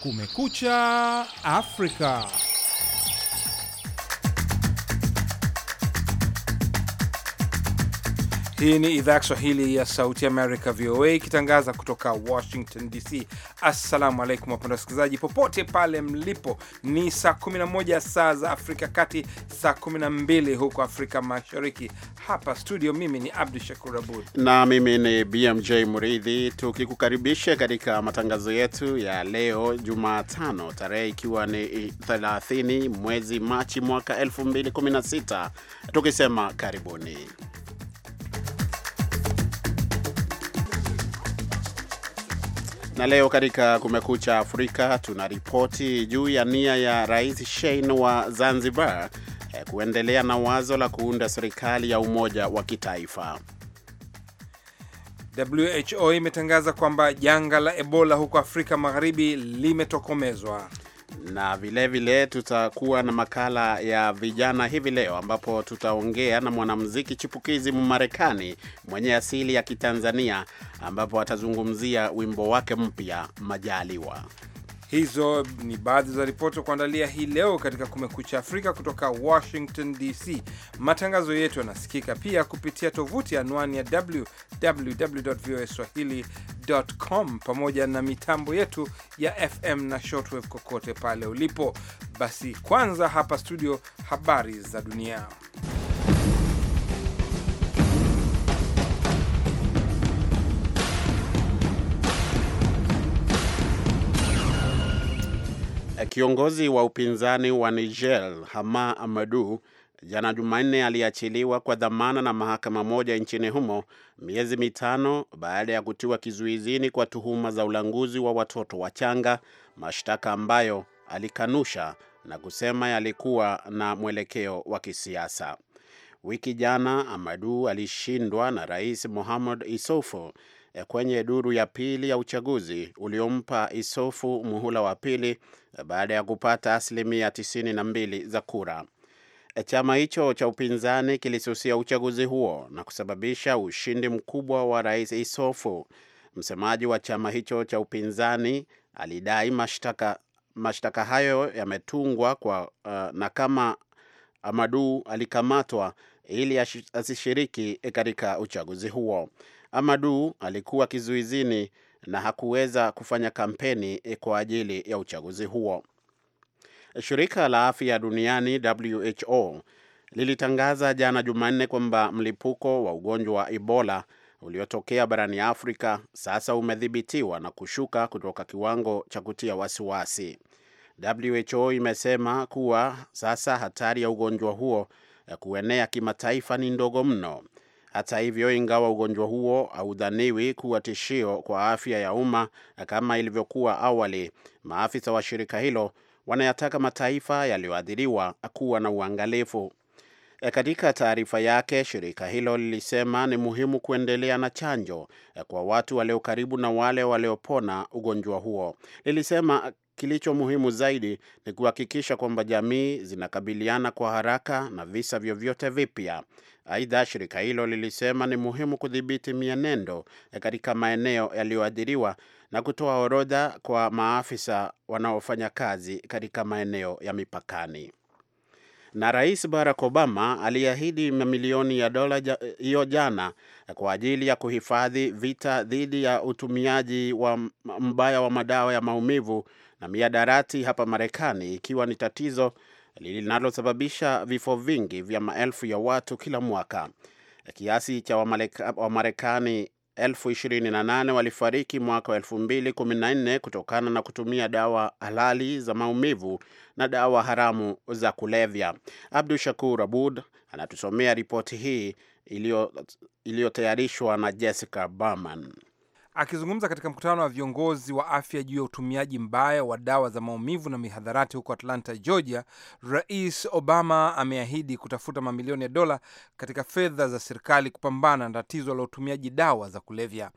Kumekucha Afrika. Hii ni idhaa ya Kiswahili ya Sauti Amerika, VOA, ikitangaza kutoka Washington DC. Assalamu alaikum wapenda wasikilizaji popote pale mlipo. Ni saa 11 saa za Afrika Kati, saa 12 huko Afrika Mashariki. Hapa studio, mimi ni Abdu Shakur Abud na mimi ni BMJ Muridhi, tukikukaribisha katika matangazo yetu ya leo Jumatano, tarehe ikiwa ni 30 mwezi Machi mwaka 2016, tukisema karibuni Na leo katika Kumekucha Afrika tuna ripoti juu ya nia ya Rais Shein wa Zanzibar eh, kuendelea na wazo la kuunda serikali ya umoja wa kitaifa. WHO imetangaza kwamba janga la Ebola huko Afrika Magharibi limetokomezwa na vilevile tutakuwa na makala ya vijana hivi leo, ambapo tutaongea na mwanamuziki chipukizi Mmarekani mwenye asili ya Kitanzania, ambapo atazungumzia wimbo wake mpya Majaliwa. Hizo ni baadhi za ripoti kuandalia hii leo katika Kumekucha Afrika kutoka Washington DC. Matangazo yetu yanasikika pia kupitia tovuti anwani ya www voa swahili.com, pamoja na mitambo yetu ya FM na shortwave kokote pale ulipo. Basi kwanza hapa studio, habari za dunia. Kiongozi wa upinzani wa Niger Hama Amadu jana Jumanne aliachiliwa kwa dhamana na mahakama moja nchini humo miezi mitano baada ya kutiwa kizuizini kwa tuhuma za ulanguzi wa watoto wachanga, mashtaka ambayo alikanusha na kusema yalikuwa na mwelekeo wa kisiasa. Wiki jana Amadu alishindwa na Rais Mohamed isofu eh, kwenye duru ya pili ya uchaguzi uliompa isofu muhula wa pili baada ya kupata asilimia 92 za kura. Chama hicho cha upinzani kilisusia uchaguzi huo na kusababisha ushindi mkubwa wa rais Isofu. Msemaji wa chama hicho cha upinzani alidai mashtaka mashtaka hayo yametungwa kwa uh, na kama Amadu alikamatwa ili asishiriki katika uchaguzi huo. Amadu alikuwa kizuizini na hakuweza kufanya kampeni eh, kwa ajili ya uchaguzi huo. Shirika la afya duniani WHO lilitangaza jana Jumanne kwamba mlipuko wa ugonjwa wa Ebola uliotokea barani Afrika sasa umedhibitiwa na kushuka kutoka kiwango cha kutia wasiwasi. WHO imesema kuwa sasa hatari ya ugonjwa huo ya eh, kuenea kimataifa ni ndogo mno. Hata hivyo, ingawa ugonjwa huo haudhaniwi kuwa tishio kwa afya ya umma kama ilivyokuwa awali, maafisa wa shirika hilo wanayataka mataifa yaliyoathiriwa kuwa na uangalifu. E, katika taarifa yake shirika hilo lilisema ni muhimu kuendelea na chanjo kwa watu walio karibu na wale waliopona ugonjwa huo. Lilisema kilicho muhimu zaidi ni kuhakikisha kwamba jamii zinakabiliana kwa haraka na visa vyovyote vipya. Aidha, shirika hilo lilisema ni muhimu kudhibiti mienendo e, katika maeneo yaliyoathiriwa na kutoa orodha kwa maafisa wanaofanya kazi katika maeneo ya mipakani. Na Rais Barack Obama aliahidi mamilioni ya dola hiyo jana e, kwa ajili ya kuhifadhi vita dhidi ya utumiaji wa mbaya wa madawa ya maumivu na miadarati hapa Marekani, ikiwa ni tatizo linalosababisha vifo vingi vya maelfu ya watu kila mwaka. Kiasi cha Wamarekani elfu ishirini na nane walifariki mwaka wa elfu mbili kumi na nne kutokana na kutumia dawa halali za maumivu na dawa haramu za kulevya. Abdu Shakur Abud anatusomea ripoti hii iliyotayarishwa na Jessica Berman. Akizungumza katika mkutano wa viongozi wa afya juu ya utumiaji mbaya wa dawa za maumivu na mihadharati huko Atlanta, Georgia, Rais Obama ameahidi kutafuta mamilioni ya dola katika fedha za serikali kupambana na tatizo la utumiaji dawa za kulevya.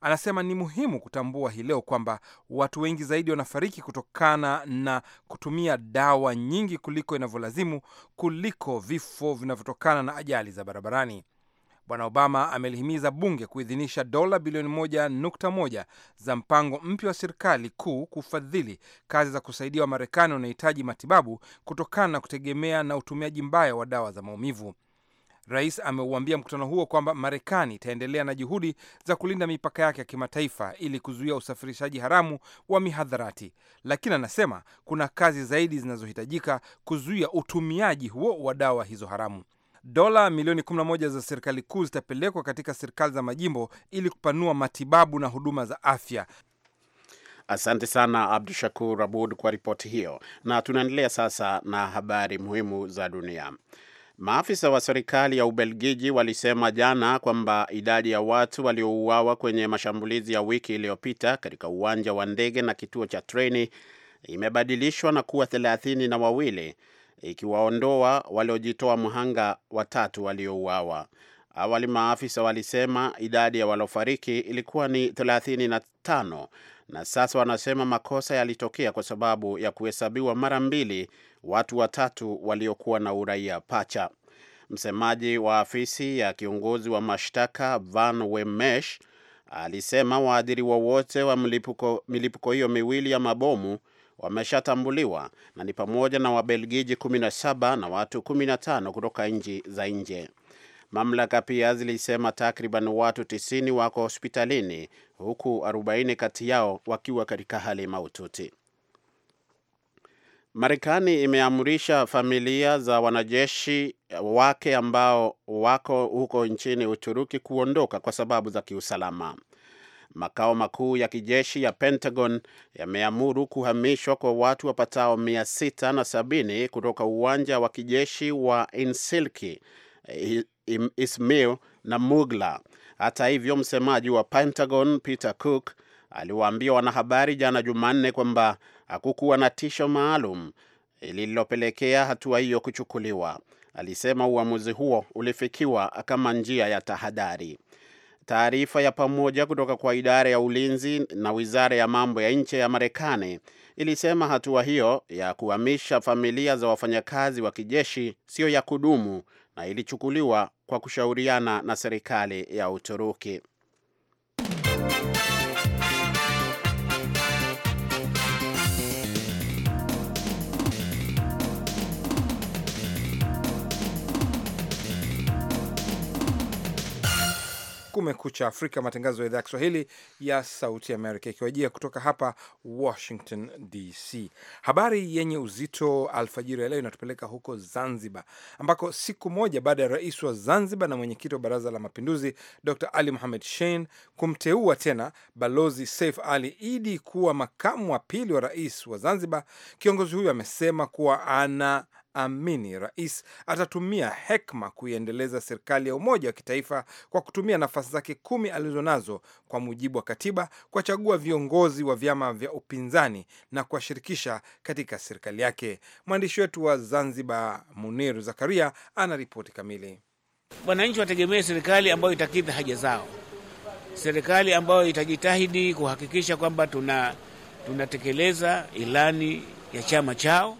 Anasema ni muhimu kutambua hii leo kwamba watu wengi zaidi wanafariki kutokana na kutumia dawa nyingi kuliko inavyolazimu kuliko vifo vinavyotokana na ajali za barabarani. Bwana Obama amelihimiza bunge kuidhinisha dola bilioni 1.1 za mpango mpya wa serikali kuu kufadhili kazi za kusaidia Wamarekani wanaohitaji matibabu kutokana na kutegemea na utumiaji mbaya wa dawa za maumivu. Rais ameuambia mkutano huo kwamba Marekani itaendelea na juhudi za kulinda mipaka yake ya kimataifa ili kuzuia usafirishaji haramu wa mihadharati, lakini anasema kuna kazi zaidi zinazohitajika kuzuia utumiaji huo wa dawa hizo haramu. Dola milioni 11 za serikali kuu zitapelekwa katika serikali za majimbo ili kupanua matibabu na huduma za afya. Asante sana Abdu Shakur Abud kwa ripoti hiyo, na tunaendelea sasa na habari muhimu za dunia. Maafisa wa serikali ya Ubelgiji walisema jana kwamba idadi ya watu waliouawa kwenye mashambulizi ya wiki iliyopita katika uwanja wa ndege na kituo cha treni imebadilishwa na kuwa thelathini na wawili ikiwaondoa waliojitoa mhanga watatu waliouawa. Awali maafisa walisema idadi ya waliofariki ilikuwa ni 35 na sasa wanasema makosa yalitokea kwa sababu ya kuhesabiwa mara mbili watu watatu waliokuwa na uraia pacha. Msemaji wa afisi ya kiongozi wa mashtaka Van Wemesh alisema waadhiriwa wote wa milipuko hiyo miwili ya mabomu wameshatambuliwa na ni pamoja na Wabelgiji 17 na watu 15 kutoka nchi za nje. Mamlaka pia zilisema takriban watu 90 wako hospitalini huku 40 kati yao wakiwa katika hali mahututi. Marekani imeamrisha familia za wanajeshi wake ambao wako huko nchini Uturuki kuondoka kwa sababu za kiusalama makao makuu ya kijeshi ya Pentagon yameamuru kuhamishwa kwa watu wapatao 670 kutoka uwanja wa kijeshi wa Insilki, Ismail na Mugla. Hata hivyo, msemaji wa Pentagon Peter Cook aliwaambia wanahabari jana Jumanne kwamba hakukuwa na tisho maalum lililopelekea hatua hiyo kuchukuliwa. Alisema uamuzi huo ulifikiwa kama njia ya tahadhari. Taarifa ya pamoja kutoka kwa idara ya ulinzi na wizara ya mambo ya nje ya Marekani ilisema hatua hiyo ya kuhamisha familia za wafanyakazi wa kijeshi siyo ya kudumu na ilichukuliwa kwa kushauriana na serikali ya Uturuki. Kumekucha Afrika, matangazo ya idhaa ya Kiswahili ya Sauti Amerika, ikiwajia kutoka hapa Washington DC. Habari yenye uzito alfajiri ya leo inatupeleka huko Zanzibar, ambako siku moja baada ya rais wa Zanzibar na mwenyekiti wa Baraza la Mapinduzi Dr Ali Muhamed Shein kumteua tena Balozi Saif Ali Idi kuwa makamu wa pili wa rais wa Zanzibar, kiongozi huyo amesema kuwa ana amini rais atatumia hekma kuiendeleza serikali ya umoja wa kitaifa kwa kutumia nafasi zake kumi alizonazo kwa mujibu wa katiba, kuwachagua viongozi wa vyama vya upinzani na kuwashirikisha katika serikali yake. Mwandishi wetu wa Zanzibar, Munir Zakaria, ana ripoti kamili. Wananchi wategemee serikali ambayo itakidha haja zao, serikali ambayo itajitahidi kuhakikisha kwamba tunatekeleza tuna ilani ya chama chao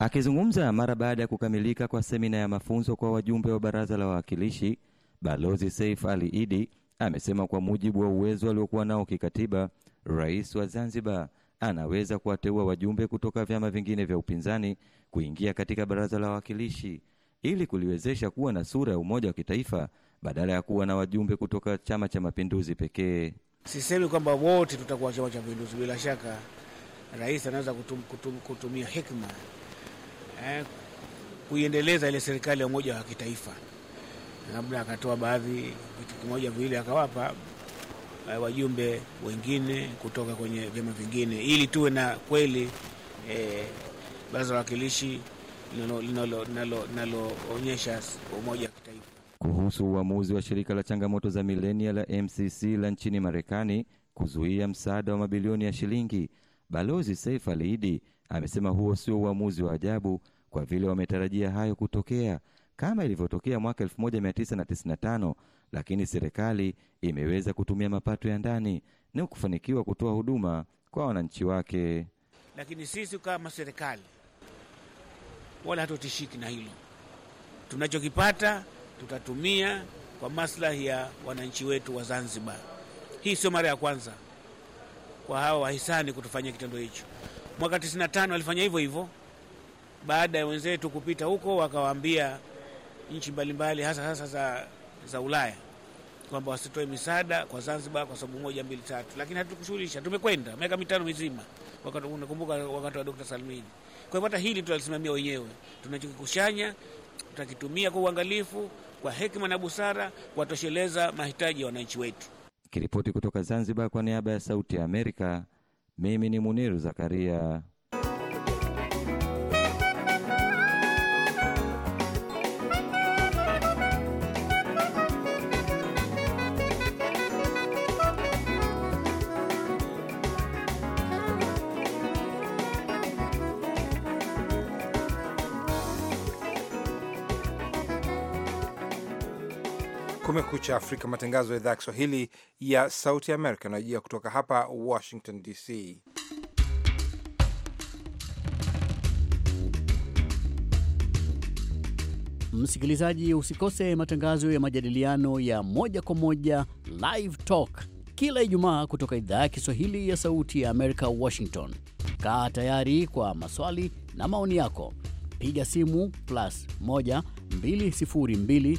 Akizungumza mara baada ya kukamilika kwa semina ya mafunzo kwa wajumbe wa Baraza la Wawakilishi, Balozi saif Ali Idi amesema kwa mujibu wa uwezo aliokuwa nao kikatiba, Rais wa Zanzibar anaweza kuwateua wajumbe kutoka vyama vingine vya upinzani kuingia katika Baraza la Wawakilishi ili kuliwezesha kuwa na sura ya umoja wa kitaifa badala ya kuwa na wajumbe kutoka Chama cha Mapinduzi pekee. Sisemi kwamba wote tutakuwa Chama cha Mapinduzi, bila shaka rais anaweza kutum, kutum, kutumia hikma eh, kuiendeleza ile serikali ya umoja wa kitaifa. Labda akatoa baadhi vitu kimoja viwili akawapa eh, wajumbe wengine kutoka kwenye vyama vingine, ili tuwe na kweli eh, baraza la wawakilishi linaloonyesha umoja wa kitaifa. Kuhusu uamuzi wa shirika la changamoto za milenia la MCC la nchini Marekani kuzuia msaada wa mabilioni ya shilingi, Balozi Saif Aliidi Amesema huo sio uamuzi wa ajabu kwa vile wametarajia hayo kutokea kama ilivyotokea mwaka 1995 lakini serikali imeweza kutumia mapato ya ndani na kufanikiwa kutoa huduma kwa wananchi wake. Lakini sisi kama serikali wala hatutishiki na hilo, tunachokipata tutatumia kwa maslahi ya wananchi wetu wa Zanzibar. Hii sio mara ya kwanza kwa hawa wahisani kutufanyia kitendo hicho. Mwaka 95 walifanya hivyo hivyo, baada ya wenzetu kupita huko, wakawaambia nchi mbalimbali, hasa hasa za, za Ulaya kwamba wasitoe misaada kwa Zanzibar kwa sababu moja mbili tatu, lakini hatukushughulisha. Tumekwenda miaka mitano mizima, nakumbuka wakati wa Dr. Salmini. Kwa hivyo hata hili tutalisimamia wenyewe, tunachokikushanya tutakitumia kwa uangalifu, kwa hekima na busara, kuwatosheleza mahitaji ya wananchi wetu. Kiripoti kutoka Zanzibar kwa niaba ya Sauti ya Amerika. Mimi ni Muniru Zakaria. Kumekucha Afrika, matangazo ya idhaa ya Kiswahili ya Sauti Amerika anajia kutoka hapa Washington DC. Msikilizaji, usikose matangazo ya majadiliano ya moja kwa moja, Live Talk, kila Ijumaa kutoka idhaa ya Kiswahili ya Sauti ya Amerika, Washington. Kaa tayari kwa maswali na maoni yako, piga simu plus 1 202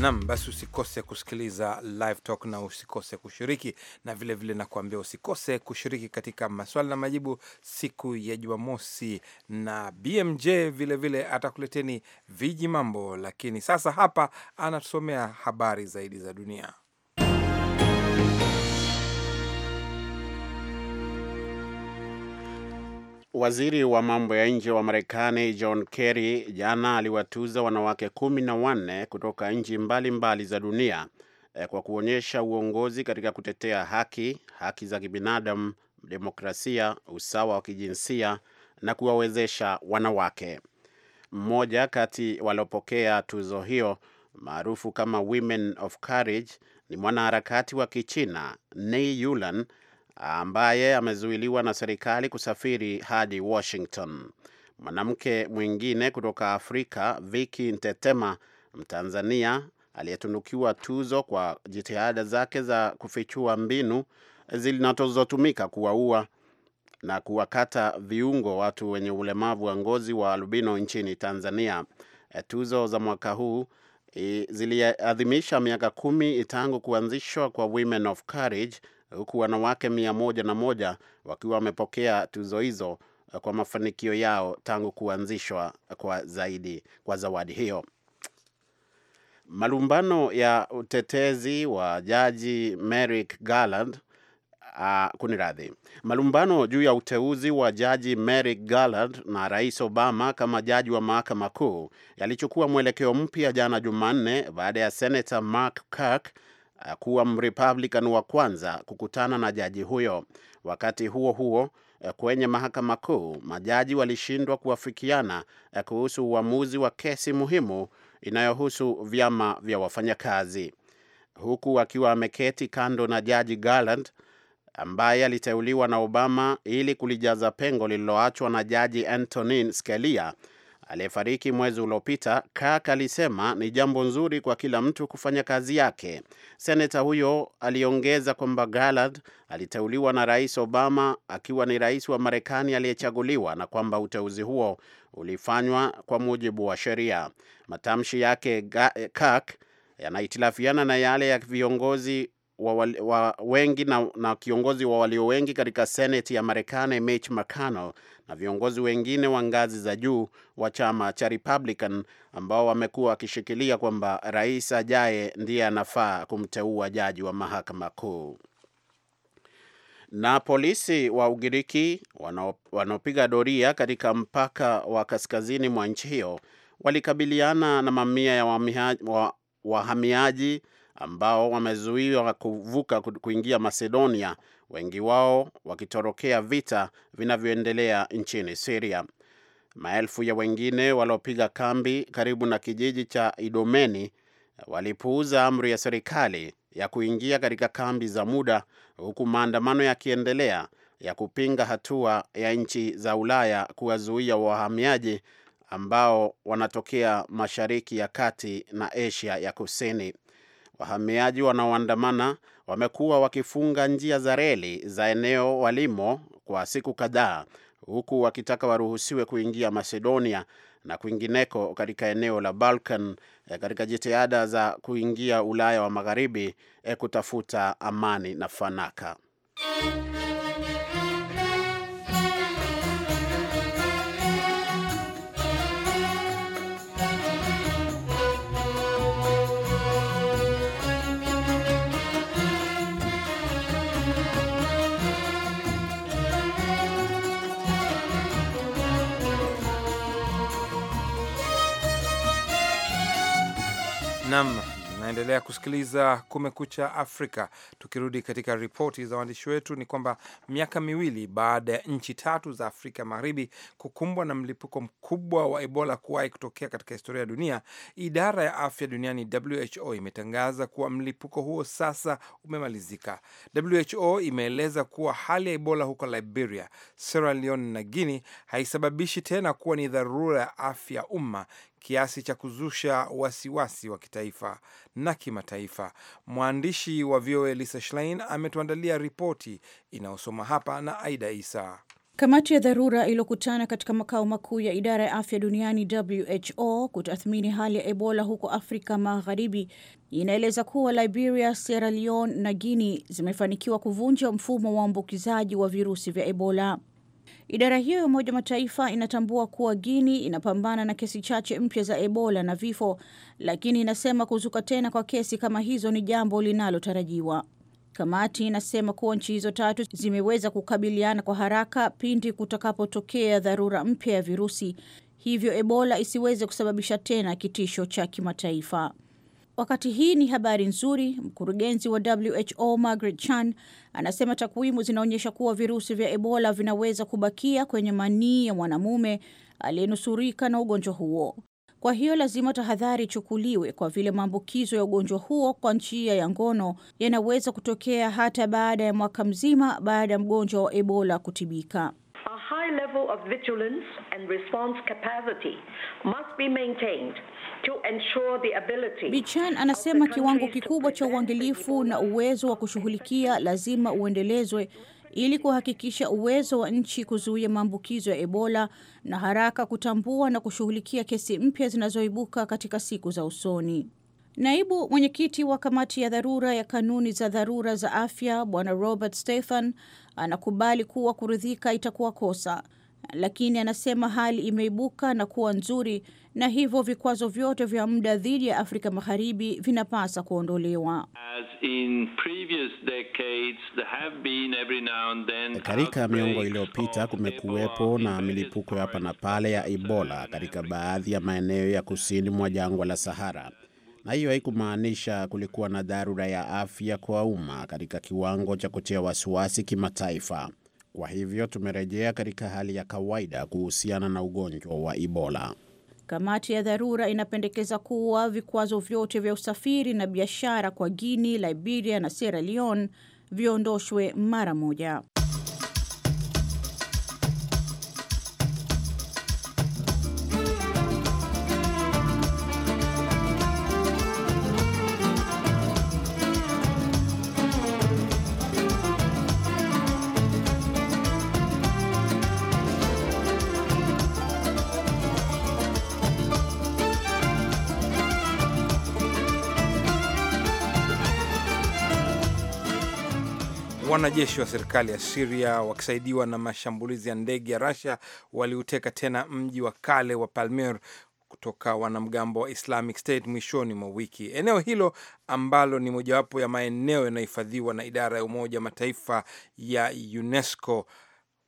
Nam, basi usikose kusikiliza Live Talk na usikose kushiriki na vilevile vile, nakuambia usikose kushiriki katika maswali na majibu siku ya Jumamosi na BMJ vilevile vile, atakuleteni viji mambo, lakini sasa hapa anatusomea habari zaidi za dunia. Waziri wa mambo ya nje wa Marekani John Kerry jana aliwatuza wanawake kumi na wanne kutoka nchi mbalimbali za dunia eh, kwa kuonyesha uongozi katika kutetea haki, haki za kibinadamu, demokrasia, usawa wa kijinsia na kuwawezesha wanawake. Mmoja kati waliopokea tuzo hiyo maarufu kama Women of Courage ni mwanaharakati wa Kichina Nei Yulan ambaye amezuiliwa na serikali kusafiri hadi Washington. Mwanamke mwingine kutoka Afrika, Viki Ntetema, Mtanzania aliyetunukiwa tuzo kwa jitihada zake za kufichua mbinu zinazotumika kuwaua na kuwakata viungo watu wenye ulemavu wa ngozi wa albino nchini Tanzania. E, tuzo za mwaka huu e, ziliadhimisha miaka kumi tangu kuanzishwa kwa Women of Courage huku wanawake mia moja na moja wakiwa wamepokea tuzo hizo kwa mafanikio yao tangu kuanzishwa kwa zaidi kwa zawadi hiyo. Malumbano ya utetezi wa jaji Merrick Garland Uh, radhi, malumbano juu ya uteuzi wa jaji Merrick Garland na Rais Obama kama jaji wa mahakama kuu yalichukua mwelekeo mpya jana Jumanne baada ya senata Mark Kirk Eh, kuwa Mrepublican wa kwanza kukutana na jaji huyo. Wakati huo huo, eh, kwenye mahakama kuu, majaji walishindwa kuafikiana eh, kuhusu uamuzi wa kesi muhimu inayohusu vyama vya wafanyakazi, huku akiwa ameketi kando na jaji Garland ambaye aliteuliwa na Obama ili kulijaza pengo lililoachwa na jaji Antonin Scalia aliyefariki mwezi uliopita, Kak alisema ni jambo nzuri kwa kila mtu kufanya kazi yake. Seneta huyo aliongeza kwamba galad aliteuliwa na Rais Obama akiwa ni rais wa Marekani aliyechaguliwa na kwamba uteuzi huo ulifanywa kwa mujibu wa sheria. Matamshi yake Kak yanahitilafiana na yale ya viongozi wa, wa wengi na, na kiongozi wa walio wengi katika seneti ya Marekani Mitch McConnell na viongozi wengine wa ngazi za juu wa chama cha Republican ambao wamekuwa wakishikilia kwamba rais ajaye ndiye anafaa kumteua jaji wa mahakama kuu. Na polisi wa Ugiriki wanaopiga doria katika mpaka wa kaskazini mwa nchi hiyo walikabiliana na mamia ya wahamiaji wa, ambao wamezuiwa kuvuka kuingia Macedonia, wengi wao wakitorokea vita vinavyoendelea nchini siria Maelfu ya wengine waliopiga kambi karibu na kijiji cha Idomeni walipuuza amri ya serikali ya kuingia katika kambi za muda, huku maandamano yakiendelea ya kupinga hatua ya nchi za Ulaya kuwazuia wahamiaji ambao wanatokea Mashariki ya Kati na Asia ya Kusini. Wahamiaji wanaoandamana wamekuwa wakifunga njia za reli za eneo walimo kwa siku kadhaa, huku wakitaka waruhusiwe kuingia Macedonia na kwingineko katika eneo la Balkan eh, katika jitihada za kuingia Ulaya wa Magharibi eh, kutafuta amani na fanaka. Nam, naendelea kusikiliza Kumekucha Afrika. Tukirudi katika ripoti za waandishi wetu, ni kwamba miaka miwili baada ya nchi tatu za Afrika Magharibi kukumbwa na mlipuko mkubwa wa Ebola kuwahi kutokea katika historia ya dunia, idara ya afya duniani WHO imetangaza kuwa mlipuko huo sasa umemalizika. WHO imeeleza kuwa hali ya Ebola huko Liberia, Sierra Leone na Guinea haisababishi tena kuwa ni dharura ya afya ya umma kiasi cha kuzusha wasiwasi wa kitaifa na kimataifa. Mwandishi wa VOA Lisa Schlein ametuandalia ripoti inayosoma hapa na Aida Isa. Kamati ya dharura iliyokutana katika makao makuu ya idara ya afya duniani WHO kutathmini hali ya Ebola huko Afrika Magharibi inaeleza kuwa Liberia, Sierra Leone na Guinea zimefanikiwa kuvunja mfumo wa uambukizaji wa virusi vya Ebola. Idara hiyo ya Umoja Mataifa inatambua kuwa Guini inapambana na kesi chache mpya za Ebola na vifo, lakini inasema kuzuka tena kwa kesi kama hizo ni jambo linalotarajiwa. Kamati inasema kuwa nchi hizo tatu zimeweza kukabiliana kwa haraka pindi kutakapotokea dharura mpya ya virusi, hivyo Ebola isiweze kusababisha tena kitisho cha kimataifa. Wakati hii ni habari nzuri, mkurugenzi wa WHO Margaret Chan anasema takwimu zinaonyesha kuwa virusi vya Ebola vinaweza kubakia kwenye manii ya mwanamume aliyenusurika na ugonjwa huo. Kwa hiyo lazima tahadhari ichukuliwe kwa vile maambukizo ya ugonjwa huo kwa njia ya ngono yanaweza kutokea hata baada ya mwaka mzima baada ya mgonjwa wa Ebola kutibika. A high level of vigilance and response capacity must be maintained. Bichan anasema kiwango kikubwa cha uangalifu na uwezo wa kushughulikia lazima uendelezwe ili kuhakikisha uwezo wa nchi kuzuia maambukizo ya Ebola na haraka kutambua na kushughulikia kesi mpya zinazoibuka katika siku za usoni. Naibu mwenyekiti wa kamati ya dharura ya kanuni za dharura za afya Bwana Robert Stephan anakubali kuwa kuridhika itakuwa kosa lakini anasema hali imeibuka na kuwa nzuri na hivyo vikwazo vyote vya muda dhidi ya Afrika Magharibi vinapasa kuondolewa. Katika miongo iliyopita kumekuwepo na milipuko ya hapa na pale ya Ebola katika baadhi ya maeneo ya kusini mwa jangwa la Sahara, na hiyo haikumaanisha kulikuwa na dharura ya afya kwa umma katika kiwango cha kutia wasiwasi kimataifa. Kwa hivyo tumerejea katika hali ya kawaida kuhusiana na ugonjwa wa Ebola. Kamati ya dharura inapendekeza kuwa vikwazo vyote vya usafiri na biashara kwa Guinea, Liberia na Sierra Leone viondoshwe mara moja. Wanajeshi wa serikali ya Siria wakisaidiwa na mashambulizi ya ndege ya rasia waliuteka tena mji wa kale wa palmer kutoka wanamgambo wa Islamic State mwishoni mwa wiki. Eneo hilo ambalo ni mojawapo ya maeneo yanayohifadhiwa na idara ya Umoja wa Mataifa ya UNESCO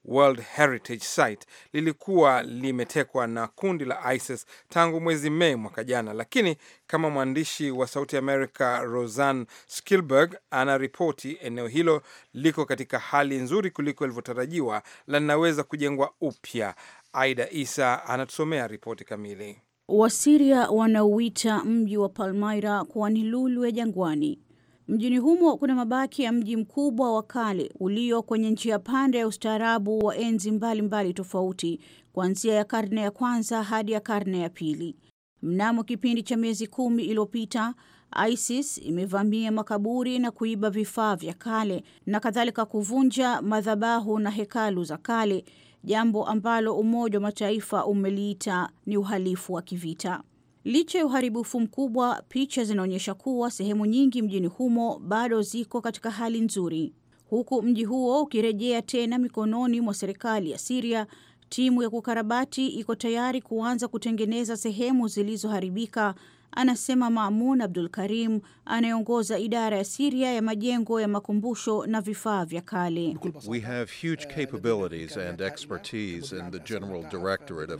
World Heritage Site lilikuwa limetekwa na kundi la ISIS tangu mwezi Mei mwaka jana, lakini kama mwandishi wa Sauti America rosan Skilberg anaripoti, eneo hilo liko katika hali nzuri kuliko ilivyotarajiwa la linaweza kujengwa upya. Aida Isa anatusomea ripoti kamili. Wasiria wanauita mji wa Palmaira kuwa ni lulu ya jangwani. Mjini humo kuna mabaki ya mji mkubwa wa kale ulio kwenye njia panda ya ustaarabu wa enzi mbalimbali mbali tofauti kuanzia ya karne ya kwanza hadi ya karne ya pili. Mnamo kipindi cha miezi kumi iliyopita, ISIS imevamia makaburi na kuiba vifaa vya kale na kadhalika, kuvunja madhabahu na hekalu za kale, jambo ambalo Umoja wa Mataifa umeliita ni uhalifu wa kivita. Licha ya uharibifu mkubwa, picha zinaonyesha kuwa sehemu nyingi mjini humo bado ziko katika hali nzuri, huku mji huo ukirejea tena mikononi mwa serikali ya Siria. Timu ya kukarabati iko tayari kuanza kutengeneza sehemu zilizoharibika anasema Maamun Abdul Karim anayeongoza idara ya Siria ya majengo ya makumbusho na vifaa vya kale.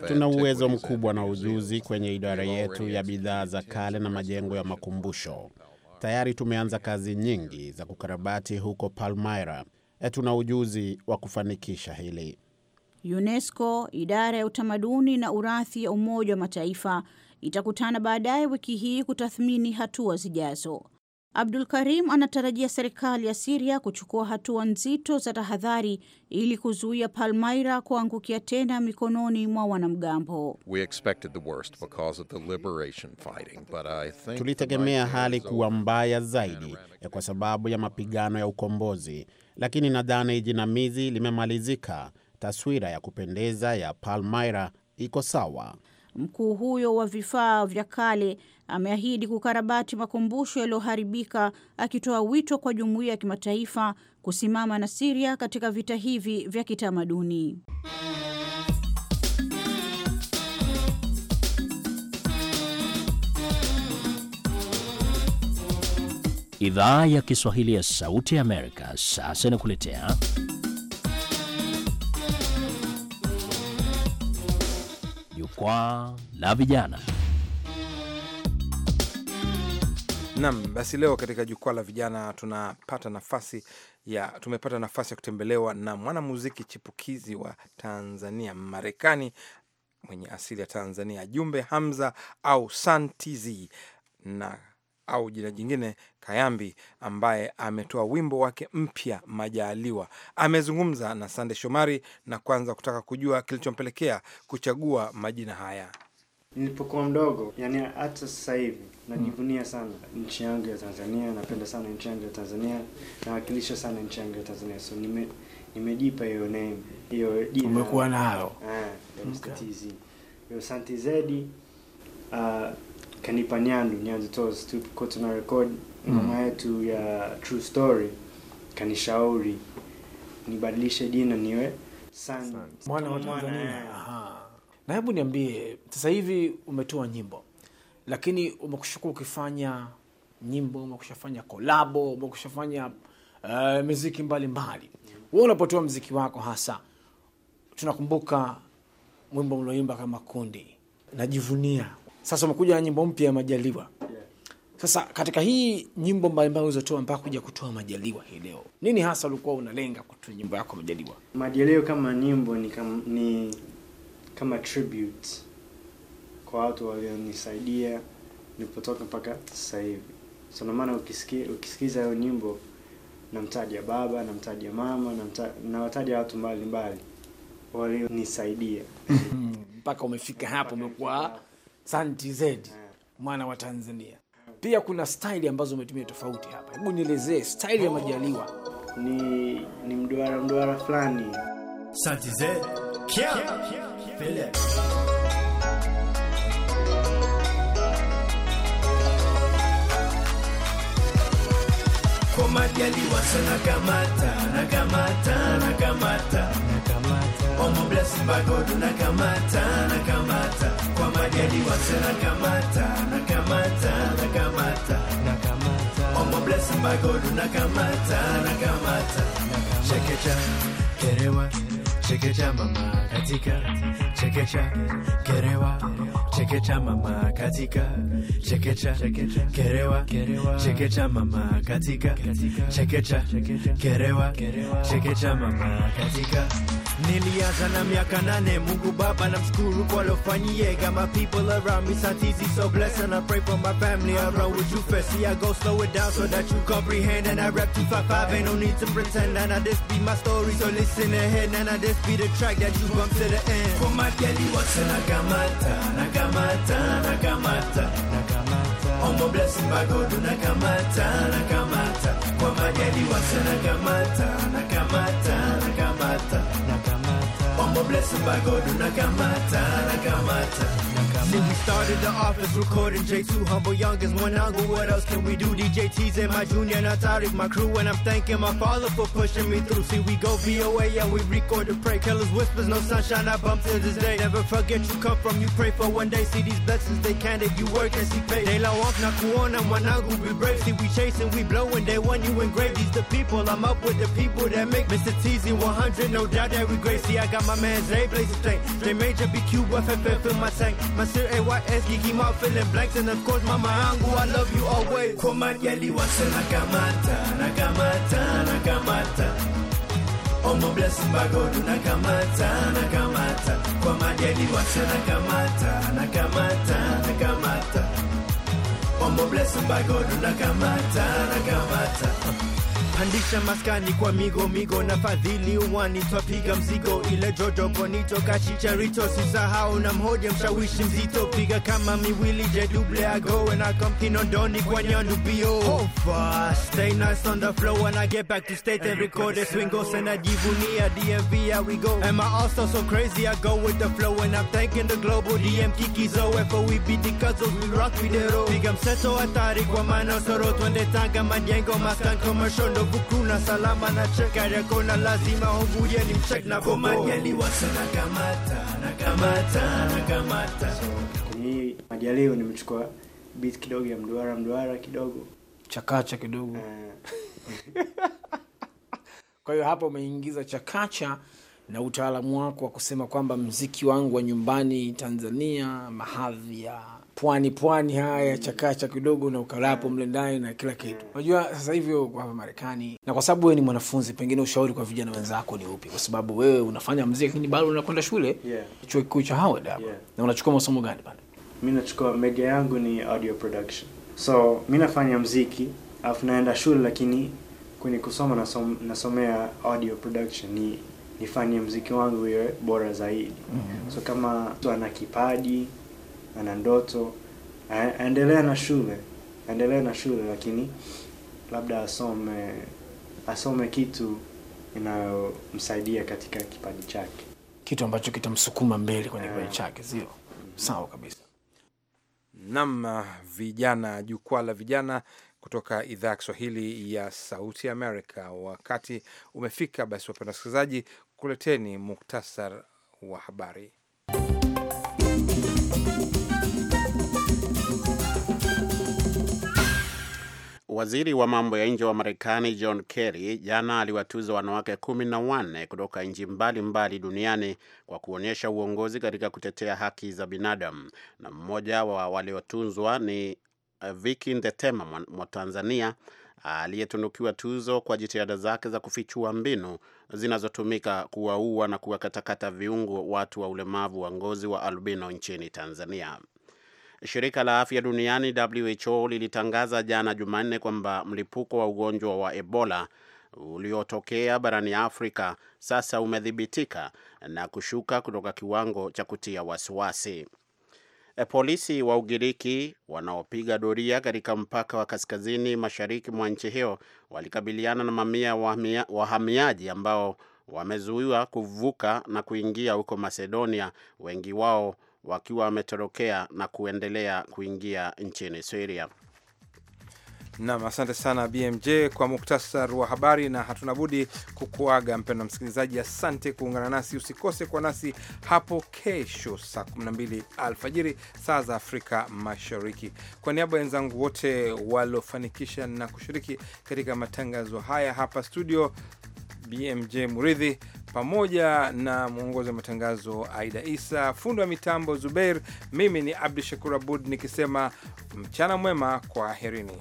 Tuna uwezo mkubwa na ujuzi kwenye idara yetu ya bidhaa za kale na majengo ya makumbusho. Tayari tumeanza kazi nyingi za kukarabati huko Palmyra. E, tuna ujuzi wa kufanikisha hili. UNESCO, idara ya utamaduni na urathi ya Umoja wa Mataifa itakutana baadaye wiki hii kutathmini hatua zijazo. Abdul Karim anatarajia serikali ya Siria kuchukua hatua nzito za tahadhari ili kuzuia Palmaira kuangukia tena mikononi mwa wanamgambo. Tulitegemea hali kuwa mbaya zaidi kwa sababu ya mapigano ya ukombozi, lakini nadhani jinamizi limemalizika. Taswira ya kupendeza ya Palmaira iko sawa. Mkuu huyo wa vifaa vya kale ameahidi kukarabati makumbusho yaliyoharibika, akitoa wito kwa jumuiya ya kimataifa kusimama na Siria katika vita hivi vya kitamaduni. Idhaa ya Kiswahili ya Sauti ya Amerika sasa inakuletea Jukwaa la Vijana. Nam, basi leo katika Jukwaa la Vijana tunapata nafasi ya tumepata nafasi ya kutembelewa na mwanamuziki chipukizi wa Tanzania Marekani mwenye asili ya Tanzania, Jumbe Hamza au Santizi na au jina jingine Kayambi ambaye ametoa wimbo wake mpya Majaaliwa Amezungumza na Sande Shomari na kwanza kutaka kujua kilichompelekea kuchagua majina haya. Nilipokuwa mdogo, yani hata sasa hivi najivunia hmm. sana nchi yangu ya Tanzania. Napenda sana nchi yangu ya Tanzania, nawakilisha sana nchi yangu ya Tanzania, so nime nimejipa hiyo name, hiyo jina umekuwa nalo hiyo Santi Zedi. Uh, kanipa Nyandu Nyandu Tours, tuko tuna rekodi mama yetu ya True Story kanishauri nibadilishe jina niwe mwana wa Tanzania. Eh. Na hebu niambie, sasa hivi umetoa nyimbo, lakini umekushakuwa ukifanya nyimbo, umekushafanya kolabo, umekushafanya uh, miziki mbalimbali mm. unapotoa mziki wako hasa, tunakumbuka mwimbo mlioimba kama kundi, najivunia. Sasa umekuja na nyimbo mpya ya Majaliwa sasa katika hii nyimbo mbalimbali ulizotoa mpaka kuja kutoa Majaliwa hii leo, nini hasa ulikuwa unalenga kutoa nyimbo yako Majaliwa? Majaliwa kama nyimbo ni kama, ni kama tribute kwa watu walionisaidia nilipotoka mpaka sasa hivi. So na maana ukisikia ukisikiza hiyo nyimbo, namtaja baba, namtaja mama, nawataja watu mbalimbali walionisaidia mpaka umefika hapo, umekuwa Santi Zedi mwana wa Tanzania. Pia kuna staili ambazo umetumia tofauti hapa, hebu nielezee staili ya Majaliwa. Ni, ni mduara mduara fulani Santize Kia Pele kwa Majaliwa sana kamata na kamata na kamata Omo blessing kwa Majaliwa sana kamata na magolu nakamata chekecha kerewa chekecha mama katika chekecha kerewa chekecha mama katika chekecha kerewa chekecha mama katika chekecha kerewa chekecha mama katika Nilianza na miaka nane, Mungu Baba namshukuru kwa lofanyie. Got my people around me, it's easy, so blessed and I pray for my family. I run with you first, see I go slow it down so that you comprehend. And I rap 255, ain't no need to pretend. And I just be my story, so listen ahead. And I just be the track that you bump to the end. Kwa madeli wote nakamata, nakamata, my nakamata. Omo blessing magodu nakamata, nakamata. Kwa madeli wote nakamata, nakamata. Uko blessed by God, unakamata, nakamata See, we started the office recording J2 Humble Young is one angle. What else can we do? DJ TZ, my junior, and Tariq, my crew. And I'm thanking my father for pushing me through. See, we go VOA and we record to pray. Killers whispers, no sunshine, I bump to this day. Never forget you come from, you pray for one day. See, these blessings, they can if you work and see pay. They la walk, na kuona, one angle, we brave. See, we chasing, we blowing. They want you engraved. These the people, I'm up with the people that make Mr. TZ 100. No doubt that we great. See, I got my man Zay Blaze stay. J Major BQ, FFF in my tank. My shirt and white ass geeky mouth feeling blanks and of course mama yangu I love you always kwa mali aliwase nakamata nakamata nakamata omo oh, bless mbagodu nakamata nakamata kwa mali aliwase nakamata nakamata nakamata omo oh, bless mbagodu nakamata nakamata pandisha maskani kwa migo migo na fadhili uwani twapiga mzigo ile jojo bonito kachicharito sisahau na mhoja mshawishi mzito piga kama miwili je double ago and I come kinondoni kwa nyanu bio Hova stay nice on the flow when I get back to state and record a swing goes and najivunia DMV here we go am I also so crazy I go with the flow and I'm thanking the global DM kikizo FOE bitikazo we rock with the road piga mseto hatari kwa maana soro twende tanga majengo maskan commercial kuna salama na cheka check Kariakona lazima huvuye ni mcheck na majali wasa na Komanyeli wasanakamata nakamata nakamata kwenye hii majali ya leo nimechukua beat kidogo ya mduara mduara kidogo chakacha kidogo eh. kwa hiyo hapa umeingiza chakacha na utaalamu wako wa kusema kwamba mziki wangu wa nyumbani Tanzania mahadhi ya pwani pwani, haya chakacha kidogo, na ukalapo mle ndani na kila kitu. Unajua sasa hivyo kwa hapa Marekani, na kwa sababu wewe ni mwanafunzi, pengine ushauri kwa vijana wenzako ni upi? Kwa sababu wewe unafanya muziki lakini bado unakwenda shule yeah. chuo kikuu cha Howard hapa yeah. na unachukua masomo gani bado? Mimi nachukua mega yangu ni audio production, so mimi nafanya muziki alafu naenda shule, lakini kwenye kusoma nasom, nasomea audio production ni nifanye muziki wangu iwe bora zaidi. mm -hmm. So kama mtu ana kipaji ana ndoto, aendelea na shule, aendelee na shule, lakini labda asome asome kitu inayomsaidia katika kipaji chake, kitu ambacho kitamsukuma mbele kwenye eh. kipaji chake, sio mm-hmm. sawa kabisa. Nam uh, vijana, jukwaa la vijana kutoka idhaa ya Kiswahili ya Sauti Amerika. Wakati umefika basi, wapenda wasikilizaji, kuleteni muktasar wa habari. Waziri wa mambo ya nje wa Marekani John Kerry jana aliwatuza wanawake kumi na wanne kutoka nchi mbalimbali duniani kwa kuonyesha uongozi katika kutetea haki za binadamu, na mmoja wa waliotunzwa ni eh, Viki Ndetema mwa Tanzania aliyetunukiwa tuzo kwa jitihada zake za kufichua mbinu zinazotumika kuwaua na kuwakatakata viungo watu wa ulemavu wa ngozi wa albino nchini Tanzania. Shirika la Afya Duniani WHO lilitangaza jana Jumanne kwamba mlipuko wa ugonjwa wa Ebola uliotokea barani Afrika sasa umethibitika na kushuka kutoka kiwango cha kutia wasiwasi. E, polisi wa Ugiriki wanaopiga doria katika mpaka wa kaskazini mashariki mwa nchi hiyo walikabiliana na mamia wahamia, wahamiaji ambao wamezuiwa kuvuka na kuingia huko Macedonia, wengi wao wakiwa wametorokea na kuendelea kuingia nchini Syria. Nam, asante sana BMJ kwa muktasar wa habari, na hatuna budi kukuaga mpendwa msikilizaji. Asante kuungana nasi, usikose kwa nasi hapo kesho saa 12 alfajiri saa za Afrika Mashariki. Kwa niaba ya wenzangu wote waliofanikisha na kushiriki katika matangazo haya hapa studio BMJ Muridhi pamoja na mwongozi wa matangazo Aida Isa, fundi wa mitambo Zubair. Mimi ni Abdu Shakur Abud nikisema mchana mwema, kwaherini.